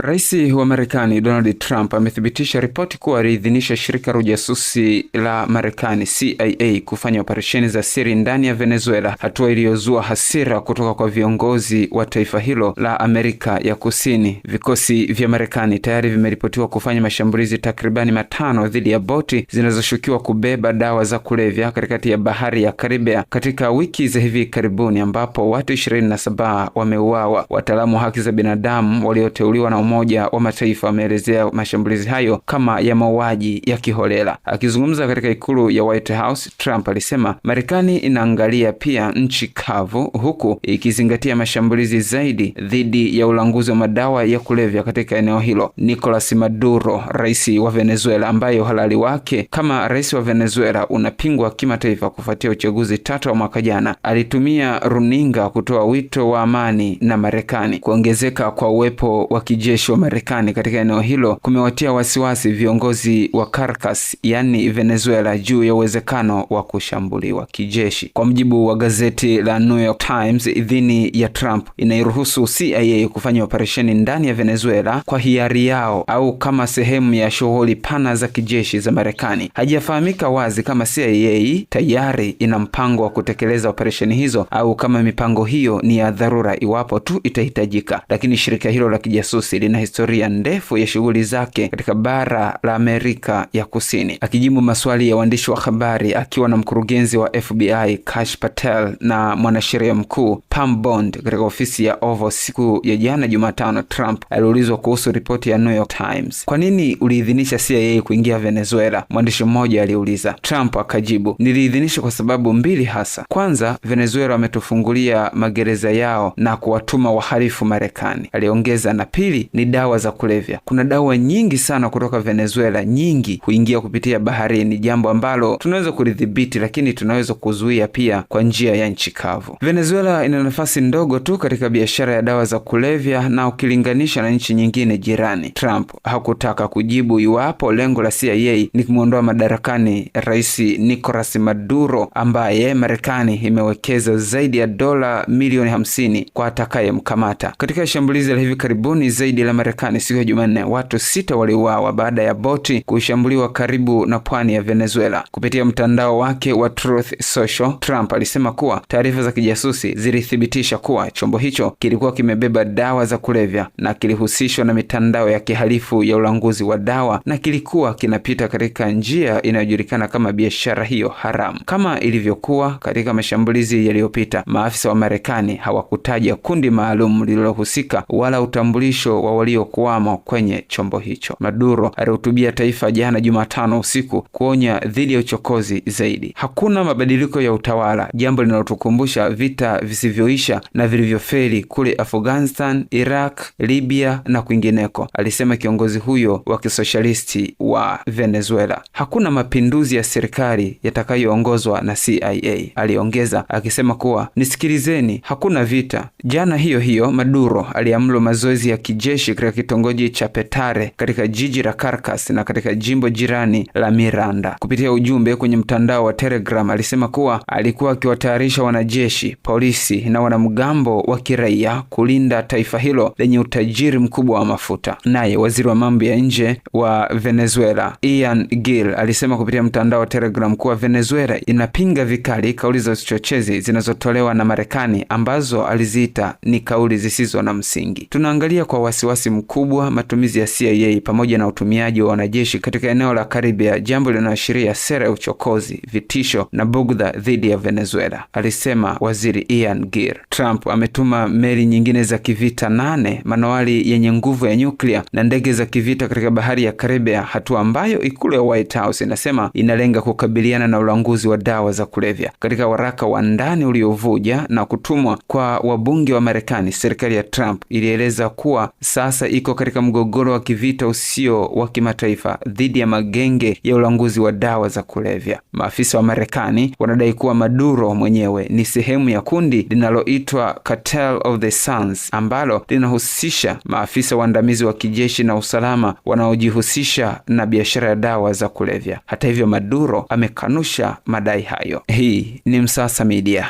Rais wa Marekani Donald Trump amethibitisha ripoti kuwa aliidhinisha shirika la ujasusi la Marekani CIA kufanya operesheni za siri ndani ya Venezuela, hatua iliyozua hasira kutoka kwa viongozi wa taifa hilo la Amerika ya Kusini. Vikosi vya Marekani tayari vimeripotiwa kufanya mashambulizi takribani matano dhidi ya boti zinazoshukiwa kubeba dawa za kulevya katikati ya bahari ya Karibea katika wiki za hivi karibuni, ambapo watu 27 wameuawa. Wataalamu wa haki za binadamu walioteuliwa na Umoja wa Mataifa ameelezea mashambulizi hayo kama ya mauaji ya kiholela. Akizungumza katika ikulu ya White House, Trump alisema Marekani inaangalia pia nchi kavu huku ikizingatia mashambulizi zaidi dhidi ya ulanguzi wa madawa ya kulevya katika eneo hilo. Nicolas Maduro, rais wa Venezuela, ambaye uhalali wake kama rais wa Venezuela unapingwa kimataifa kufuatia uchaguzi tata wa mwaka jana, alitumia runinga kutoa wito wa amani na Marekani. Kuongezeka kwa uwepo wa kijeshi wanajeshi wa Marekani katika eneo hilo kumewatia wasiwasi viongozi wa Caracas, yani Venezuela, juu ya uwezekano wa kushambuliwa kijeshi. Kwa mujibu wa gazeti la New York Times, idhini ya Trump inairuhusu CIA kufanya operesheni ndani ya Venezuela kwa hiari yao au kama sehemu ya shughuli pana za kijeshi za Marekani. Haijafahamika wazi kama CIA tayari ina mpango wa kutekeleza operesheni hizo au kama mipango hiyo ni ya dharura iwapo tu itahitajika, lakini shirika hilo la kijasusi lina historia ndefu ya shughuli zake katika bara la Amerika ya Kusini. Akijibu maswali ya waandishi wa habari akiwa na mkurugenzi wa FBI Kash Patel na mwanasheria mkuu Pam Bond katika ofisi ya Oval siku ya jana Jumatano, Trump aliulizwa kuhusu ripoti ya New York Times, kwa nini uliidhinisha CIA kuingia Venezuela? Mwandishi mmoja aliuliza. Trump akajibu, niliidhinisha kwa sababu mbili hasa. Kwanza, Venezuela wametufungulia magereza yao na kuwatuma wahalifu Marekani, aliongeza, na pili ni dawa za kulevya. Kuna dawa nyingi sana kutoka Venezuela, nyingi huingia kupitia baharini, jambo ambalo tunaweza kulidhibiti, lakini tunaweza kuzuia pia kwa njia ya nchi kavu. Venezuela ina nafasi ndogo tu katika biashara ya dawa za kulevya na ukilinganisha na nchi nyingine jirani. Trump hakutaka kujibu iwapo lengo la CIA ni kumwondoa madarakani Rais Nicolas Maduro ambaye Marekani imewekeza zaidi ya dola milioni hamsini kwa atakayemkamata. Katika shambulizi la hivi karibuni zaidi Marekani la Marekani siku ya Jumanne, watu sita waliuawa baada ya boti kushambuliwa karibu na pwani ya Venezuela. Kupitia mtandao wake wa Truth Social, Trump alisema kuwa taarifa za kijasusi zilithibitisha kuwa chombo hicho kilikuwa kimebeba dawa za kulevya na kilihusishwa na mitandao ya kihalifu ya ulanguzi wa dawa na kilikuwa kinapita katika njia inayojulikana kama biashara hiyo haramu. Kama ilivyokuwa katika mashambulizi yaliyopita, maafisa wa Marekani hawakutaja kundi maalum lililohusika wala utambulisho wa waliokuwamo kwenye chombo hicho. Maduro alihutubia taifa jana Jumatano usiku kuonya dhidi ya uchokozi zaidi. Hakuna mabadiliko ya utawala, jambo linalotukumbusha vita visivyoisha na vilivyofeli kule Afghanistan, Iraq, Libya na kwingineko, alisema kiongozi huyo wa kisoshalisti wa Venezuela. Hakuna mapinduzi ya serikali yatakayoongozwa na CIA, aliongeza akisema kuwa nisikilizeni, hakuna vita. Jana hiyo hiyo Maduro aliamlwa mazoezi ya kijeshi wanaoishi katika kitongoji cha Petare katika jiji la Caracas na katika jimbo jirani la Miranda. Kupitia ujumbe kwenye mtandao wa Telegram, alisema kuwa alikuwa akiwatayarisha wanajeshi, polisi na wanamgambo wa kiraia kulinda taifa hilo lenye utajiri mkubwa wa mafuta. Naye waziri wa mambo ya nje wa Venezuela Ian Gil alisema kupitia mtandao wa Telegram kuwa Venezuela inapinga vikali kauli za uchochezi zinazotolewa na Marekani ambazo aliziita ni kauli zisizo na msingi. Tunaangalia kwa wasi wasiwasi mkubwa matumizi ya CIA pamoja na utumiaji wa wanajeshi katika eneo la Karibia, jambo linaloashiria sera ya uchokozi, vitisho na bugdha dhidi ya Venezuela, alisema Waziri Ian Gear. Trump ametuma meli nyingine za kivita nane, manowari yenye nguvu ya nyuklia na ndege za kivita katika bahari ya Karibia, hatua ambayo ikulu ya White House inasema inalenga kukabiliana na ulanguzi wa dawa za kulevya. Katika waraka wa ndani uliovuja na kutumwa kwa wabunge wa Marekani, serikali ya Trump ilieleza kuwa sasa iko katika mgogoro wa kivita usio wa kimataifa dhidi ya magenge ya ulanguzi wa dawa za kulevya. Maafisa wa Marekani wanadai kuwa Maduro mwenyewe ni sehemu ya kundi linaloitwa Cartel of the Suns ambalo linahusisha maafisa waandamizi wa kijeshi na usalama wanaojihusisha na biashara ya dawa za kulevya. Hata hivyo, Maduro amekanusha madai hayo. Hii ni Msasa Media.